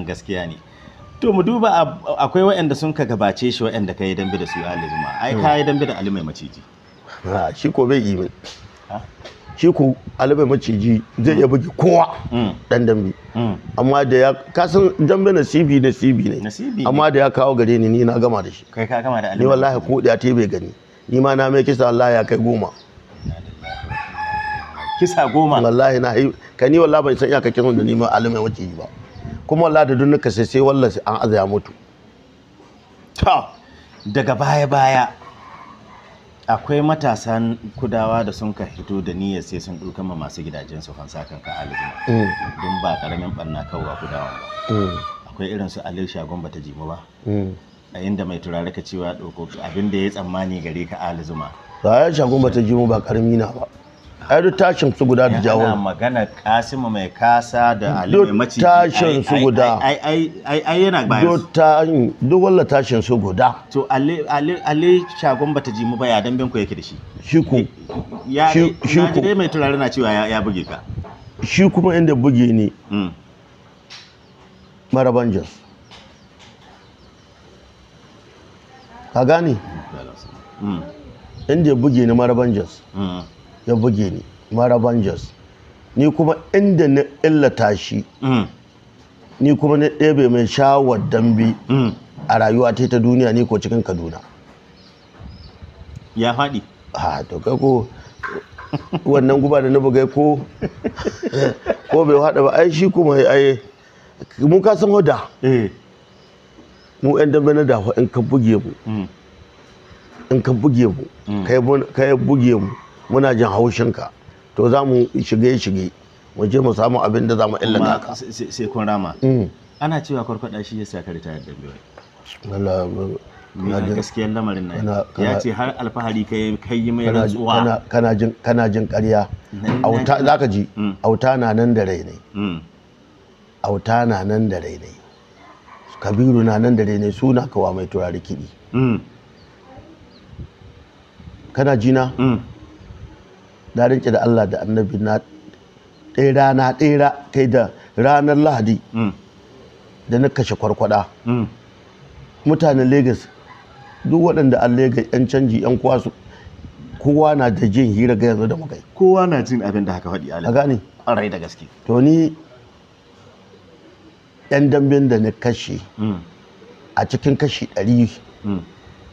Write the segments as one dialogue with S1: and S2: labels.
S1: wannan gaskiya ne to mu duba akwai waɗanda sun ka gabace shi waɗanda ka yi dambe da su Ali Zuma ai ka yi dambe da Ali mai maciji shi ko bai yi min. shi ko Ali mai maciji zai iya bugi kowa dan mm. dambe mm. amma da ya ka san dambe nasibi nasibi ne amma da ya kawo gare ni ni na gama da shi kai ka gama da Ali ni wallahi ko da te bai gani ni ma na mai kisa Allah ya kai goma kisa goma wallahi na kai ni wallahi ban san iya kake da ni ma Ali mai maciji ba kuma wallahi da dunnuka sai sai wallahi an azaya mutu to daga baya baya akwai matasan kudawa da sun ka hito da niyyar sai sun ɗauka ma masu gidajen su fansa kan ka alibi mm. don ba karamin banna kawwa kudawa ba mm. akwai irin su alil shagon bata jimu ba mm. a inda mai turare ka cewa ɗauko abin da ya tsammani gare ka alizuma ba ya shagon bata jimu ba karami na ba ai duk tashin su guda da jawo yana magana kasimu mai kasa da ali mai maciji tashin su guda ai ai yana bayan duk duk walla tashin su guda to ali ali ali shagon bata ji mu ba ya dan benku yake da shi shi ku ya shi ku dai mai turare na cewa ya buge ka shi kuma inda buge ni hmm. maraban jos ka gane hmm. inda buge ni maraban jos hmm. ya buge ni mara jos ni kuma inda na illata shi mm. ni kuma na ɗebe mai shawar dambi mm. a rayuwa ta ta duniya ni ko cikin kaduna ya haɗi. ha to kai ko wannan guba da na bugai ko ko bai haɗa ba ai shi kuma ai mu ka san hoda eh. mu yan dambe na dafa in ka buge mu mm. in ka buge mu ka yi buge mu muna jin haushinka to za mu shige shige mu je mu samu abin da za mu illata ka sai kun rama mm. ana cewa kwarkwada shi ya saka ritayar da biyu na gaskiyar lamarin nan ya ce har alfahari kai kai yi mai rantsuwa kana jin kana jin ƙarya auta zaka ji mm. auta na nan da rai ne mm. auta na nan da rai ne kabiru na nan da rai ne suna kawa mai turare kiɗi kana jina na rinke da Allah da annabi na ɗera na ɗera kai da ranar lahadi mm. da na kashe kwarkwada mm. mutanen lagos duk waɗanda a lagos 'yan canji 'yan kwasu kowa na da jin hira ga yanzu da makai kowa na jin abin da haka faɗi a gani an rai da gaske to ni 'yan damben da na kashe mm. a cikin kashi ɗari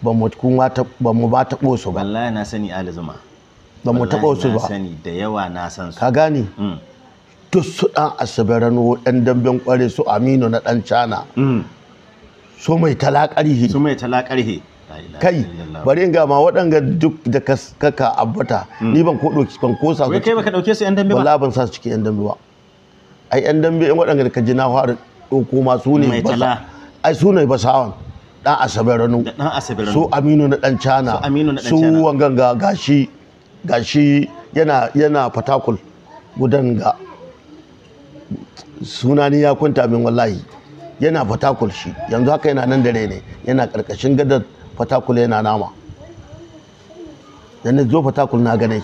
S1: ba mu ba ta ɓosu ba wallahi na sani ali zuma ba mu taɓa wasu ba sani da yawa na san su ka gane mm. duk su ɗan asibiran ɗan damben kware su aminu na ɗan cana mm. su mai he su mai he kai bari in gama waɗanga duk da kaka abbata mm. ni ban ko ɗauki ban kosa su kai baka ɗauke su yan dambe ba wala ban sa su cikin yan dambe ba ai yan dambe in waɗanga da ka ji na fara ɗauko ma su ne ba ai su ne basawan dan asabe ranu su aminu na dan cana su wangan gashi gashi yana yana fatakul gudan ga sunani ya kwanta min wallahi yana fatakul shi yanzu haka yana nan dare ne yana karkashin gadar fatakul yana nama yanzu zo fatakul na ganai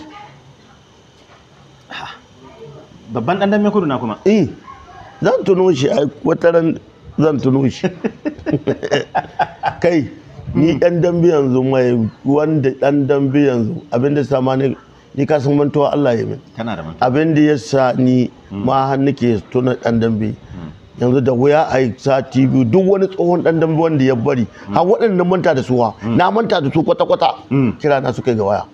S1: babban dan me kudu na kuma eh zan tuno shi wataran zan tuno shi kai ni hmm. ɗan dambe yanzu mai wanda ɗan dambe yanzu abinda sama ni ni ka san mantuwa Allah ya min kana da mantuwa abinda ya sa ni hmm. ma har nake tuna ɗan dambe hmm. yanzu da wuya a yi sati biyu duk wani tsohon ɗan dambe wanda ya bari a waɗanda manta da suwa na manta da su kwata-kwata kira na suka ga waya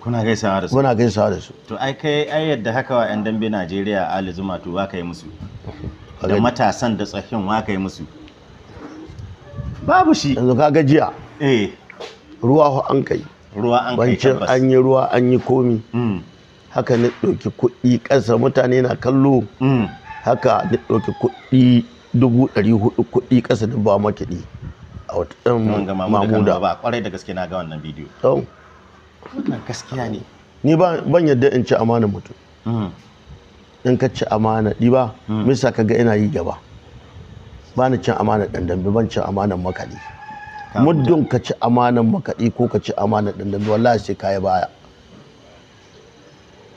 S1: kuna gaisawa da su kuna gaisawa da su to ai kai ai yadda haka wa yan dambe Najeriya Ali Zuma to waka yi musu da matasan da tsahin waka yi musu babu shi yanzu ka gajiya eh ruwa an kai ruwa an kai tabbas an yi ruwa an yi komi mm. haka na ɗauki kuɗi ƙasa mutane na kallo mm. haka na ɗauki kuɗi dubu ɗari hudu kuɗi ƙasa da ba makiɗi a wata ɗan mamuda ba ƙwarai da gaske na ga wannan bidiyo wannan gaskiya ne ni ban yadda in ci amana mutum mm. in ka ci amana ɗi ba misa ka ga ina yi gaba bani cin amanar ɗan dambe ban cin amanar makaɗi muddin ka ci amanar makaɗi ko ka ci amanar ɗan dambe wallahi sai ka yi baya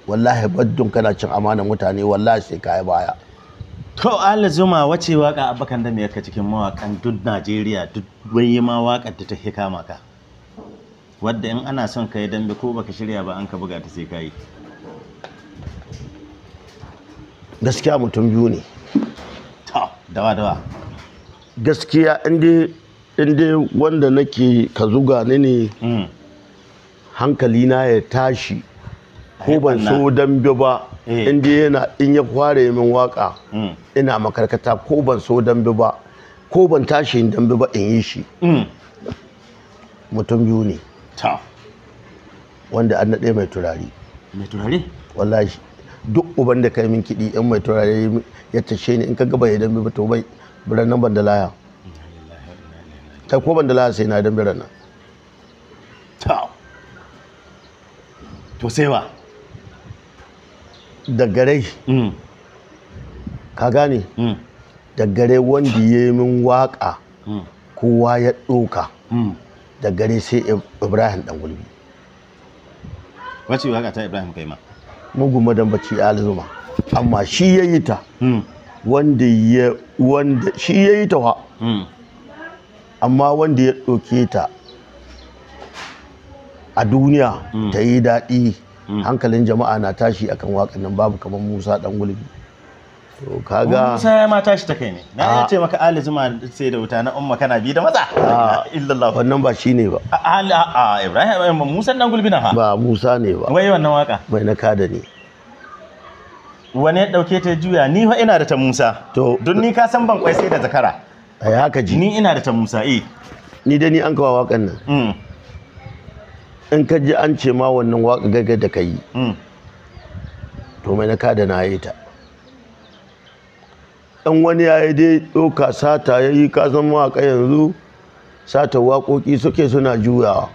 S1: wallahi baddun kana cin amanar mutane wallahi sai ka yi baya to ala zuma wace waka abakan da ya ka cikin mawakan duk najeriya duk wani ma waka da ta hika ka wadda in ana son ka yi dambe ko baka shirya ba an ka buga ta sai ka yi gaskiya mutum biyu ne dawa dawa gaskiya inda wanda nake ka zuga ni ne hmm. hankalina ya tashi ko ban so dambe ba eh. inda yana in ya kware min waka hmm. ina makarkata ko ban so dambe ba ko ban tashi in dambe ba in yi shi hmm. mutum biyu ne wanda an naɗe mai turare mai turare wallahi duk uban da kai min kiɗi yan mai turare ya tashe ni in ka gaba ya dambe ba to bai birnin bandalaya ta ko bandalaya sai na idan birnin nan to sai ba da mm. ka gane mm. da wanda ya yi min waka mm. kowa ya ɗoka da sai ibrahim dan gulbi wacce waka ta ibrahim kai ma mugun madambaci ya alizuma amma shi ya yi ta wanda ya wanda shi ya yi tawa hmm. amma wanda ya ɗauke ta a duniya hmm. ta yi daɗi hmm. hankalin jama'a na tashi akan waƙan nan babu kamar musa ɗan gulbi to kaga musa ya ma tashi ta kai ne na ya ah. ce maka ali zuma sai da wuta na umma kana bi da maza ah. illallah wannan ba shi ne ba a ah, ibrahim musa ɗan gulbi na ha ba musa ne ba wai wannan waka mai na kada ne wani ya dauke ta juya ni fa ina da ta Musa to don ni ka san ban kwai sai da zakara ai haka ji ni ina da ta Musa eh ni da ni an kawo wakan nan mm. in ka ji an ce ma wannan waka gaga da kai mm. to mai na kada na yi ta dan wani yi dai doka sata yayi ka san waka yanzu sata waƙoƙi suke suna juyawa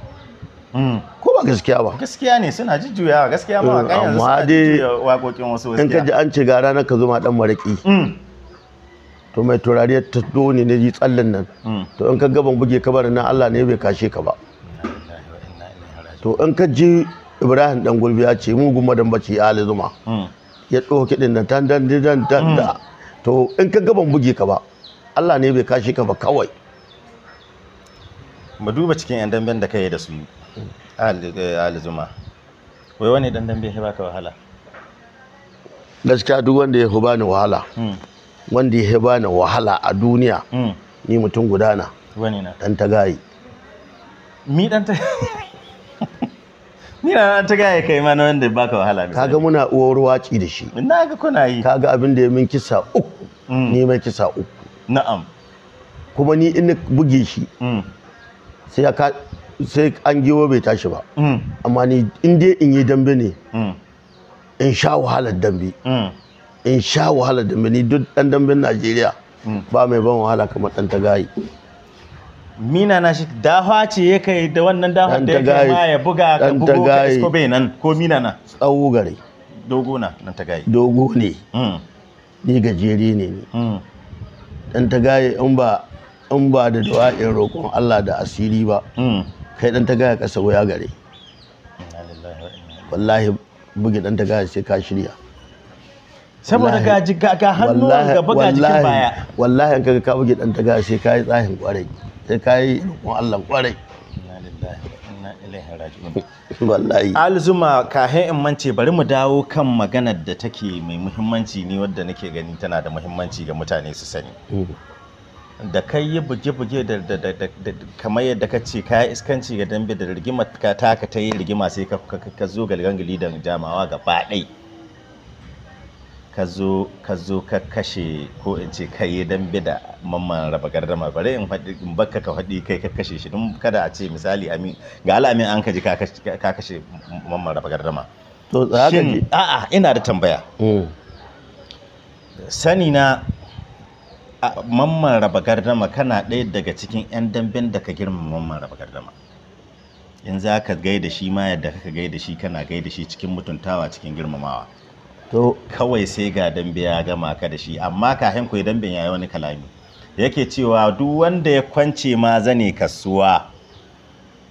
S1: mm. ko ba gaskiya ba gaskiya ne suna jujjuyawa gaskiya ma kan yanzu suna jujjuya waƙoƙin wasu gaskiya in ka ji an ce ga ranar ka zo ma dan maraki mm. to mai turare ta doni ne ji tsallan nan mm. to in ka gaban buge ka kabarin nan Allah ne bai kashe ka ba to in ka ji Ibrahim dan gulbi ya ce mugun madambaci ya ali zuma mm. ya ɗauki ɗin nan dan dan dan to in ka gaban buge ka ba Allah ne bai kashe ka ba kawai mu duba cikin yan damben da kai da su alizuma eh, wai wani dan dambe ya baka wahala gaskiya duk wanda ya huba ni wahala hmm. wanda ya huba ni wahala a duniya hmm. ni mutum gudana wani na dan tagayi mi dan ta ni na ta gaya kai ma wanda baka wahala kaga muna uwar waci da shi na ga kuna yi kaga abin da ya min kisa uku hmm. ni mai kisa uku na'am kuma ni in buge shi sai an giwo bai tashi ba mm. amma ni in dai in yi dambe ne mm. in sha wahalar dambe mm. in sha wahalar dambe ni duk dan damben Najeriya ba mai ban wahala kamar dan tagayi mina na shi dafa ce ya kai da wannan dafa da ya kai ma ya buga ka bugo ka isko bai nan ko mina na tsawo gare dogo na nan tagayi dogo ne ni gajeri ne ni dan tagayi in ba in ba da du'a'in roƙon Allah da asiri ba hmm. kai dan ta gaya ka sabo gare wallahi bugi dan ta gaya sai ka shirya saboda ga ga hannu gaba ga jikin baya wallahi in kaga ka bugi dan ta gaya sai ka yi tsahin kwarai sai ka yi roƙon Allah kwarai wallahi alzuma kahin in mance bari mu dawo kan maganar da take mai muhimmanci ne wadda nake gani tana da muhimmanci ga mutane su sani hmm. da kai yi buge-buge da kamar yadda ka ce ka iskanci ga dambe da rigima ka taka ta yi rigima sai ka zo galgangali da jamawa gaba ɗai ka zo ka kashe ko in ce ka yi dambe da mamman raba gardama bare in baka ka faɗi kai ka kashe shi don kada a ce misali amin ga alamin an ka ji ka kashe mamman raba gardama to a'a ina da tambaya mm. sani na mamman raba gardama kana ɗaya daga cikin 'yan damben da ka girma mamman raba gardama in za ka gaida shi ma yadda kaka gaida shi kana gaida shi cikin mutuntawa cikin girmamawa to kawai sai ga dambe ya gama ka da shi amma kahin ku damben ya yi wani kalami yake cewa duk wanda ya kwance ma zane kasuwa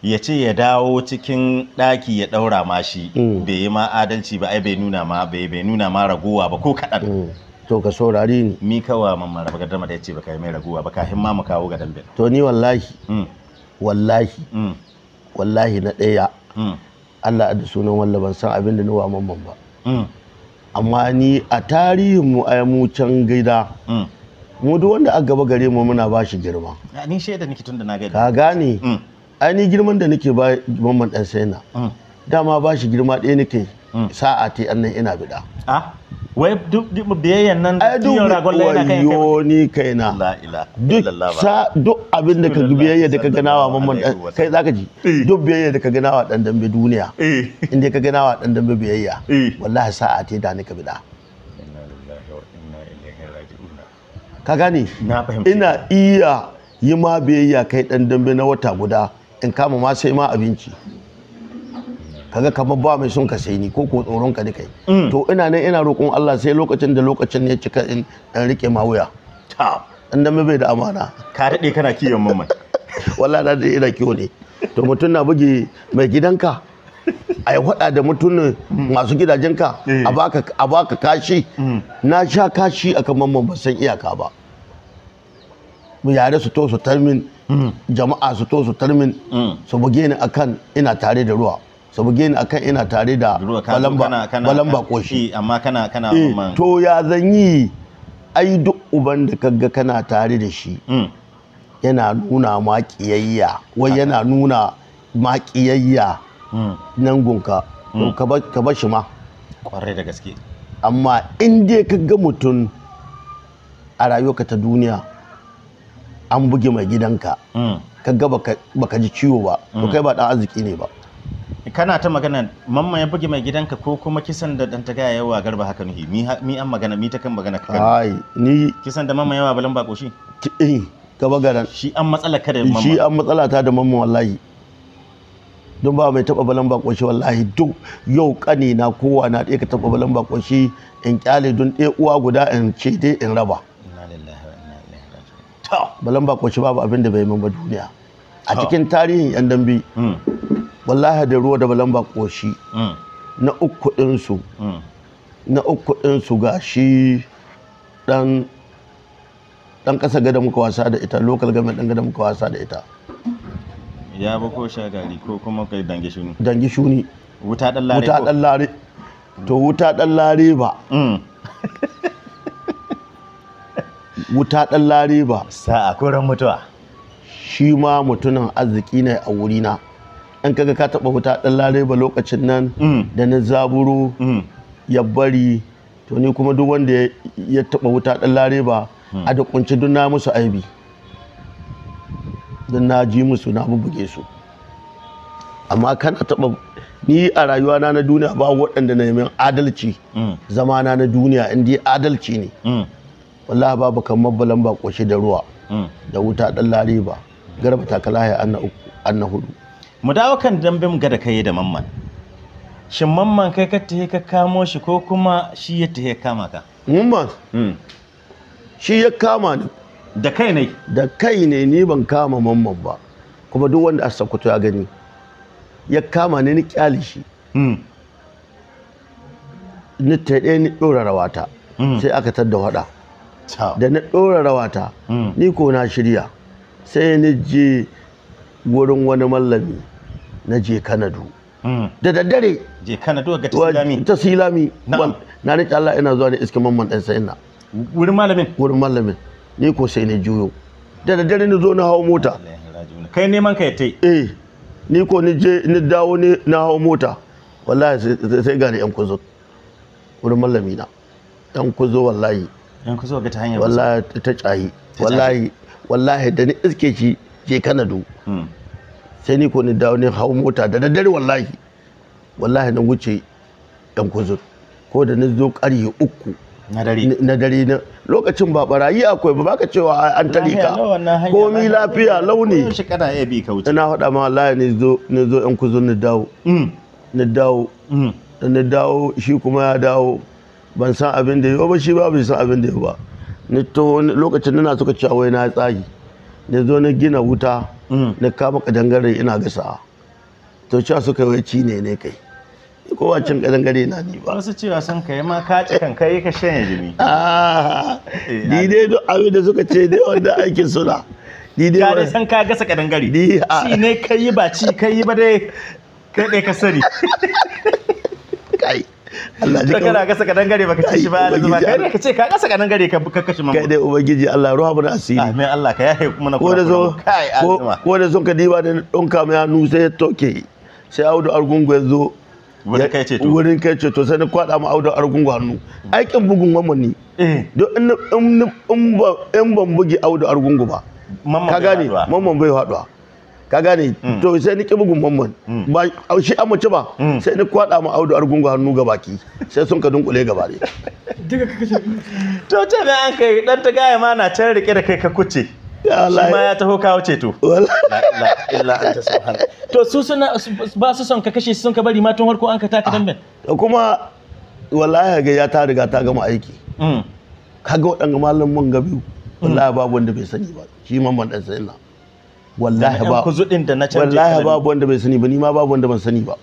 S1: ya ce ya dawo cikin ɗaki ya ɗaura ma shi mm. bai yi ma adalci ba ai bai nuna ma bai nuna ma ragowa ba ko kaɗan mm. to ka saurari ni mi kawa mamman rafa gaddama da yace baka yi mai raguwa baka himma mu kawo ga dambe to ni wallahi mm. wallahi mm. wallahi na daya mm. Allah da sunan wallah ban san abin da ni wa mamman ba amma ni a tarihin mu a mu can gida mu duk wanda a gaba gare mu muna ba shi girma ni shaida nake tun da na gani ka gane ai ni girman da nake ba mamman dan sai na dama ba shi girma ɗaya nake sa'a te annan ina bida ah wai duk biyayyan nan kiyon ragon lai na kai ni duk abin da ka biyayya da ka ganawa mamman kai zaka ji eh. duk biyayya da ka ganawa dan dambe duniya eh. inda ka ganawa dan dambe biyayya eh. wallahi sa'a te da ni ka bida ka gane ina iya yi ma biyayya kai dan dambe na wata guda in kama ma sai ma abinci kaga kamar ba mai son ka sai ni ko ko tsoron ka dukai mm. to ina nan ina roƙon Allah sai lokacin da lokacin ne cika in dan rike ma wuya ta dan da bai da amana ka dade kana kiyon mamman wallahi na dai ina kiyo ne to mutun na buge mai gidanka a yi hada da mutumin mm. masu gidajenka eh. a baka kashi mm. na sha kashi akan mamman ba san iyaka ba mu yare su to su tarmin jama'a su to su tarmin su buge ni akan ina tare da ruwa su buge ni akan ina tare da balamba koshi eh, amma kana kana eh, to ya zanyi ai duk uban da kaga kana tare da shi mm. yana nuna ma wai yana nuna ma mm. nan gunka mm. ka bashi ma kwarai da gaske amma in dai kaga mutum a rayuwarka ta duniya an buge mai gidanka kaga baka ji ciwo ba to kai ba dan arziki ne ba kana ta magana mamma ya buge mai gidanka ko kuma kisan da dan gaya yawa garba haka nuhi mi an magana mi ta kan magana ka ai ni kisan da mamma yawa balan bako shi eh gaba garan shi an matsala ka da mamma shi an matsala ta da mamma wallahi don ba mai taba balan bako wallahi duk yau kani na kowa na ɗaya ka taba balan bako in kyale don ɗaya uwa guda in ce dai in raba balan bako ba babu abin da bai mamba ba duniya a cikin tarihin yan dambe hmm. wallahi da ruwa da balan koshi mm. na uku ɗinsu mm. na uku ɗinsu ga shi ɗan ɗan ƙasa gada muka wasa da ita local game ɗan gada muka wasa da ita ya ba ko gari ko kuma kai dangi shuni dangi shuni wuta ɗan lare wuta ɗan lare to wuta ɗan lare ba mm. wuta ɗan lare ba sa'a kuran mutuwa shi ma mutunan arziki ne a wurina an kaga ka taɓa huta dan lokacin nan mm. da na zaburo mm. ya bari to ni kuma duk wanda ya taɓa huta dan larai ba mm. a da kunci duk na musu aibi don na ji musu na bubuge su amma kana taɓa ni a rayuwana na duniya ba waɗanda na yamin adalci zamana na duniya in adalci ne wallahi babu kan mabbalan ba da ruwa da wuta ɗan garba takalahi an na hudu mu dawo kan dambin ga da kai da mamman shin mamman kai ka tahe ka kamo shi ko kuma shi ya tahe kama ka mamman hmm. shi ya kama ni da kai ne da kai ne ni ban kama mamman ba kuma duk wanda a sakuto ya gani ya kama ni ni kyali shi hmm. ni taɗe ni ɗora rawata hmm. sai aka tadda waɗa da na ɗora rawata ni ko na shirya sai ni je wurin wani mallami na je kanadu hmm. da daddare je kanadu ga tasilami tasilami na rike Allah ina zuwa ne iska mamman dan sai ina wurin mallamin. wurin mallamin. ni ko sai ne juyo da daddare ni zo na hawo mota kai neman ka yatai eh ni ko ni je ni dawo ne na hawo mota wallahi sai gane yan kuzo wurin mallami na yan kuzo wallahi yan kuzo ga ta hanyar wallahi ta tsayi wallahi wallahi da ni iske shi je kanadu hmm. sai ni ko ni dawo ni hau mota da daddare wallahi wallahi na wuce yan kuzur ko da na zo ƙarye uku na dare na lokacin ba barayi akwai ba baka cewa an tare ka komi lafiya launi ina faɗa ma wallahi ni zo ni zo yan kuzur na dawo mm. na dawo na mm. dawo shi kuma ya dawo ban san abin da yau ba shi ba bai san abin da yau ba ni to lokacin nana suka cewa wai na tsagi ni zo na gina wuta Mm. na kama kadangare ina gasa to cewa suka wai ci ne ne kai kowa cin kadangare na ni ba su cewa san kai ma ka ci kan kai ka shanye jini ah, ni eh, dai duk abin da suka ce dai wanda aikin suna ni dai ka san ka gasa kadangare ah. ci ne kai ba ci kai ba dai kai ka sani kai
S2: Allah ji kana
S1: kasa kadan gare baka ci shi ba da zuba kai ka ce ka kasa kadan gare ka kakkashi mamu kai dai ubangiji Allah ruha mu asiri amin Allah ka yaye kuma na ko da zo ko da zo ka diba da donka mai hannu sai ya toke sai Audu Argungu ya zo wurin kai to. wurin kai to sai na kwada mu Audu Argungu hannu aikin bugun mamman ne eh. don in in ban bugi Audu Argungu ba ka gane mamman bai haduwa ka gane mm. to sai ni bugun gumban mm. ba shi an mace ba mm. sai ni kwada mu audu argungu hannu ga baki sai sun ka dunkule ga bare duka ka kace to ce da an kai dan ta gaya ma na can rike da kai ka kuce shi ma ya taho kawo ceto to su suna ba su son ka kashe su sun ka bari ma tun farko an ka taka dambe ah, kuma wallahi ga ya ta riga ta gama aiki kaga waɗanda malamin gabi wallahi babu wanda bai sani ba shi mamman dan sai wallahi ba kuzudin da na canje wallahi babu wanda bai sani ba ni ma babu wanda ban sani ba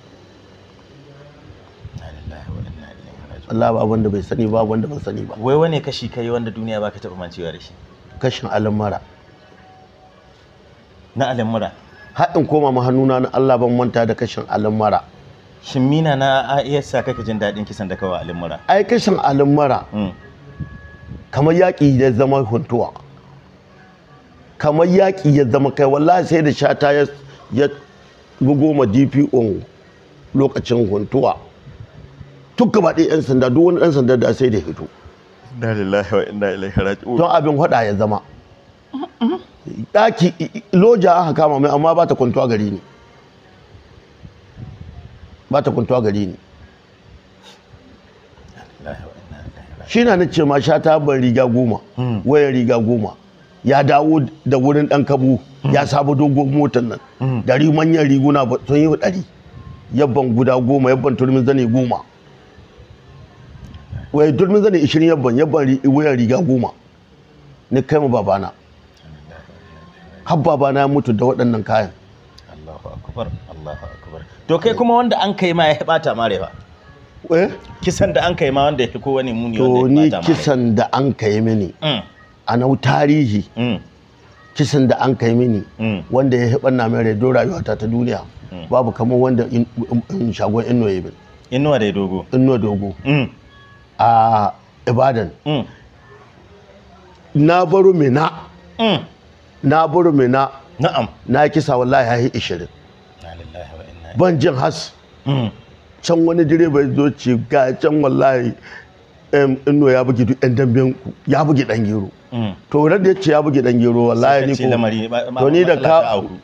S1: Allah babu wanda bai sani babu wanda ban sani ba wai wane kashi kai wanda duniya baka taba mancewa da shi kashin almara na almara haɗin koma ma hannuna na Allah ban manta da kashin almara shin mina na sa kake jin daɗin kisan da kawai almara ai kashin almara mm. kamar yaƙi da zama huntuwa kamar yaƙi ya zama kai wallahi sai da shata ya bugo ma dpo lokacin huntuwa Tun gaba ɗaya 'yan sanda duk wani ɗan sanda da sai da hito inna lillahi wa inna ilaihi raji'un don abin hada ya zama ɗaki loja aka kama mai amma ba ta kwantuwa gari ne ba ta kwantuwa gari ne shi na nace ma sha ta ban riga goma hmm. wayar riga goma ya dawo da wurin dan kabu ya sabo dogon motar nan dari mm-hmm. manyan riguna sun yi dari yabban guda goma yabban turmin zane goma wai turmin zane ishirin yabban yabban wuyan riga goma ni kai mu babana har babana ya mutu da waɗannan kayan Allahu akbar Allahu akbar to kai kuma wanda an kai ma ya bata mare ba eh kisan da an kai ma wanda ya fi ko wani muni wanda ya bata mare to ni kisan da an kai mini mm. a nau tarihi mm. kisan da an kai mini mm. wanda ya hiɓanna min redo rayuwata ta duniya mm. babu kamar wanda in shagon inuwa ya bi. inuwa da dogo inuwa dogo a ibadan na baro mina na baro mina na'am na kisa wallahi hahi ishirin ban jin has can wani direba ya zo ce ga can wallahi inno ya bugi duk 'yan damben ku ya bugi dan gero mm. to da ya ce ya bugi dan gero wallahi ne ko to ni da ka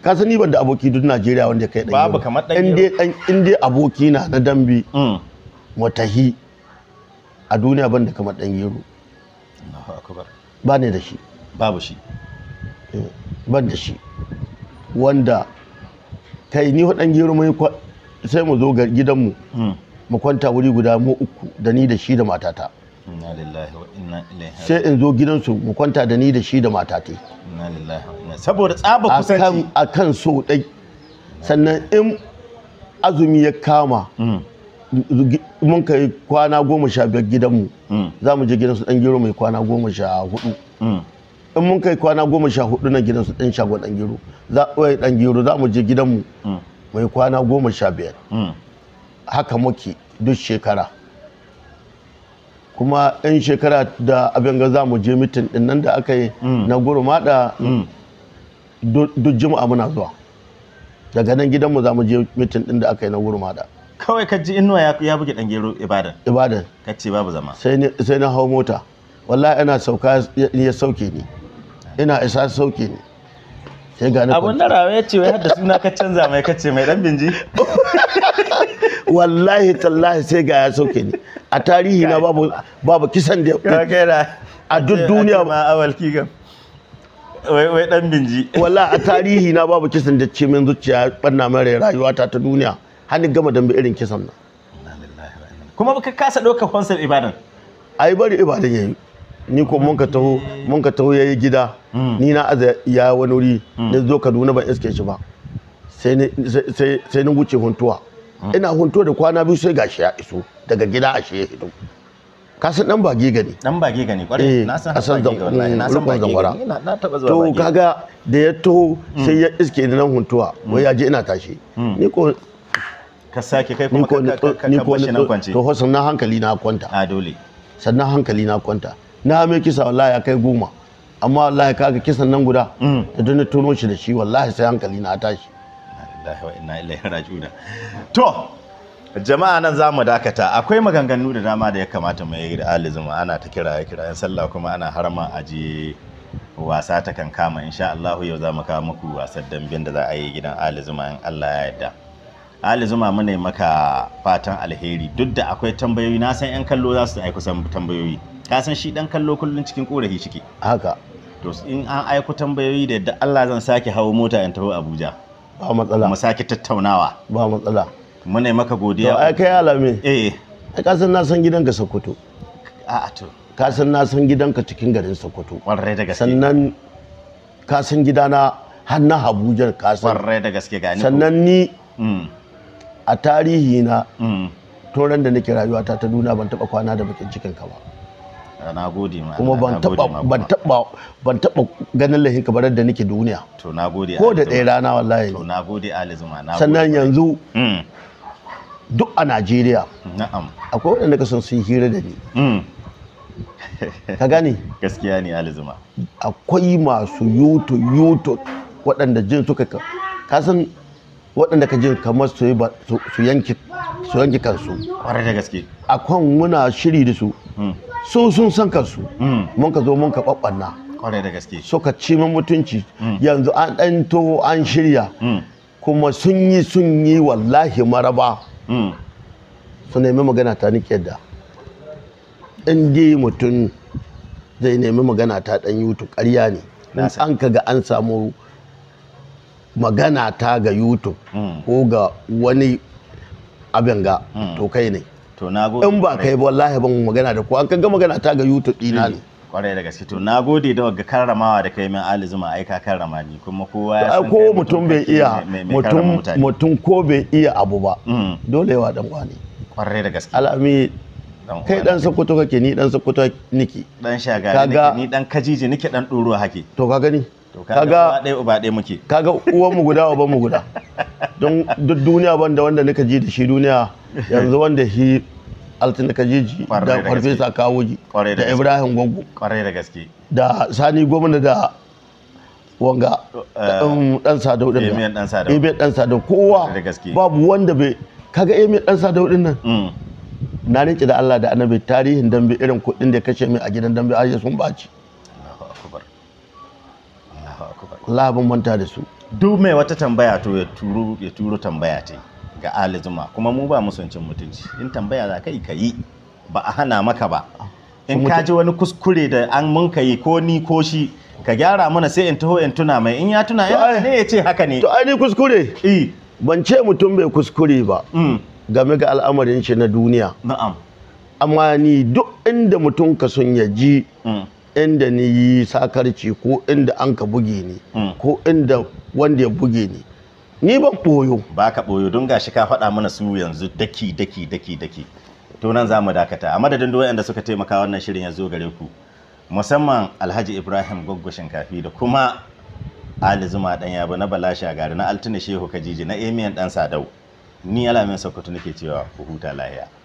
S1: ka sani ban da aboki duk Najeriya wanda kai dan babu kamar dan gero in dai aboki na na dambe mm. mutahi a duniya ban da kamar dan gero Allahu akbar ba ne da shi babu shi eh, ban da shi wanda kai ni dan gero mai sai mu zo gidanmu mm. mu kwanta wuri guda mu uku da ni da shi da matata
S2: inna lillahi wa inna ilaihi sai
S1: in zo gidansu mu kwanta da ni da shi da matata inna lillahi saboda tsaba kusanci akan so dai sannan in azumi ya kama mm. mun kai kwana goma sha biyar gidanmu mm. za mu je gidansu dan gero mai kwana goma sha hudu mm. in mun kai kwana goma sha hudu na gidansu dan shagon dan gero za dan gero za mu je gidanmu mai kwana goma sha biyar haka muke duk shekara kuma yan shekara da abin ga zamu mu je mitin din nan da aka yi mm. na da mm. duk juma'a muna zuwa daga nan gidanmu za mu je mitin din da aka yi na da kawai ka ji inuwa ya buge dan gero ibadan ibadan ka ce babu zama sai na hau mota wallahi ina sauka ya sauke ni ina isa sauke ni sai ga na abun narawa ya ce wai hadda suna ka canza mai kace mai dan binji wallahi tallahi sai ga ya sauke ni a tarihi na babu babu kisan da a duk duniya ma awal kigam wai dan binji wala a tarihi na babu kisan da ce min zuciya banna mare rayuwa ta ta duniya hannun gama don bi irin kisan nan kuma ka kasa ɗaukar konsar ibadan a yi bari ibadan yayi ni ko mun ka taho mun ka taho yayi gida hmm. ni na aza ya wani wuri hmm. na zo Kaduna ban iske shi ba sai ni wuce huntuwa hmm. ina huntuwa da kwana biyu sai gashi ya iso daga gida ashe ya hito san dan bage gani dan bage gani kwarai eh, na san kasan da wallahi na san mm, bage gani na taba zuwa to kaga da ya to mm. sai ya iske ni nan huntuwa wai mm. ya je ina tashi ni ko ka sake kai kuma ka ni ko nan kwance to hosan na hankali na kwanta a ah, dole sannan hankali na kwanta na mai kisa wallahi ya kai goma amma wallahi kaga kisan nan guda da dana tono shi da shi wallahi sai hankali na tashi inna lillahi wa inna ilaihi raji'un to jama'a nan za mu dakata akwai maganganu da dama da ya kamata mu yi da zuma ana ta kiraye kira sallah kuma ana harma a je wasa ta kan kama insha Allah yau za mu kawo muku wasan dambin da za a yi gidan alizuma in Allah ya yarda alizuma mu ne maka fatan alheri duk da akwai tambayoyi na san yan kallo za su aika san tambayoyi ka san shi dan kallo kullun cikin korafi shike haka to in an aiko tambayoyi da Allah zan sake hawo mota in taho Abuja ba matsala mu sake tattaunawa ba matsala mune maka godiya ai kai alame eh ka san na san gidanka sokoto a to san na san gidanka cikin garin sokoto kwarai da gaske sannan san gidana har na ka san kwarai da gaske gani sannan ni mm. a tarihi na mm. toran da nake rayuwata ta duna ban taba kwana da bakin cikin ka ba ah, na gode ma kuma ban taba ban taba ban taba ganin lahin kabarar da nake duniya to na gode ko da ɗaya rana wallahi to na gode alizuma na sannan yanzu mm. duk a najeriya akwai waɗanda ka sun hira da ni mm. ka gani. gaskiya ne alizuma akwai masu yoto yoto waɗanda jin suka ka san waɗanda ka jin kamar su yanki su yanki kansu ƙwarar da gaske akwai muna shiri da su mm. sun sun san kansu mm. mun ka zo mun ka ɓaɓɓanna ƙwarar da gaske suka ci mun mutunci yanzu an ɗan to an shirya kuma sun yi sun yi wallahi maraba Hmm. su nemi magana ta nike da in dai mutum zai nemi magana ta dan yutub karya ne an kaga an samu magana ta ga youtube hmm. ko ga wani abin ga hmm. to kai ne in ba kai wallahi ban magana da ko an kaga magana ta ga youtube dina ne kwarai da gaske to na gode da wagga karramawa da kai min alizuma ai ka karrama ni kuma kowa ya san ko mutum bai iya mutum mutum ko bai iya abu ba mm. dole wa dan wani kwarai da gaske al'ami kai dan sokoto kake ni dan sokoto niki dan shagari ni dan kajiji nike dan duruwa hake to ka gani kaga ɗaya uba ɗaya muke kaga uwan mu guda uban mu guda don duk duniya banda wanda nika ji da shi duniya yanzu wanda shi altin kajeji da farfesa kawoji da ibrahim gwangu da gaske da sani gwamna da wanga eh, um, dan sadau din nan ibe dan sadau kowa babu wanda bai kaga emiyan dan sadau din nan mm. na rinki da Allah da annabi tarihin dambe irin kuɗin da kashe min a gidan dambe aje sun baci Allahu akbar manta da su duk mai wata tambaya to ya turo ya turo tambaya ta ga alijima kuma mu ba musuncin mutunci in tambaya za ka yi ka yi ba a hana maka ba in ka ji wani kuskure da an mun ka yi ko ni ko shi ka gyara mana sai in taho in tuna mai in ya tuna ya ne ya ce haka ne to ai ni kuskure eh. ban ce mutum bai kuskure ba mm. game ga al'amarin shi na duniya na'am amma ni duk inda mutum ka sun ya ji mm. inda ni yi sakarci ko inda an ka buge ni mm. ko inda wanda ya buge ni ni ban boyo ba ka boyo don gashi ka faɗa mana su yanzu daki daki daki daki to nan za mu dakata a madadin duk waɗanda suka taimaka wannan shirin ya zo gare ku musamman alhaji ibrahim goggo shinkafi da kuma ali zuma dan yabo na bala shagari na altuna shehu kajiji na emiyan dan sadau ni alamin sokoto nake cewa ku huta lahiya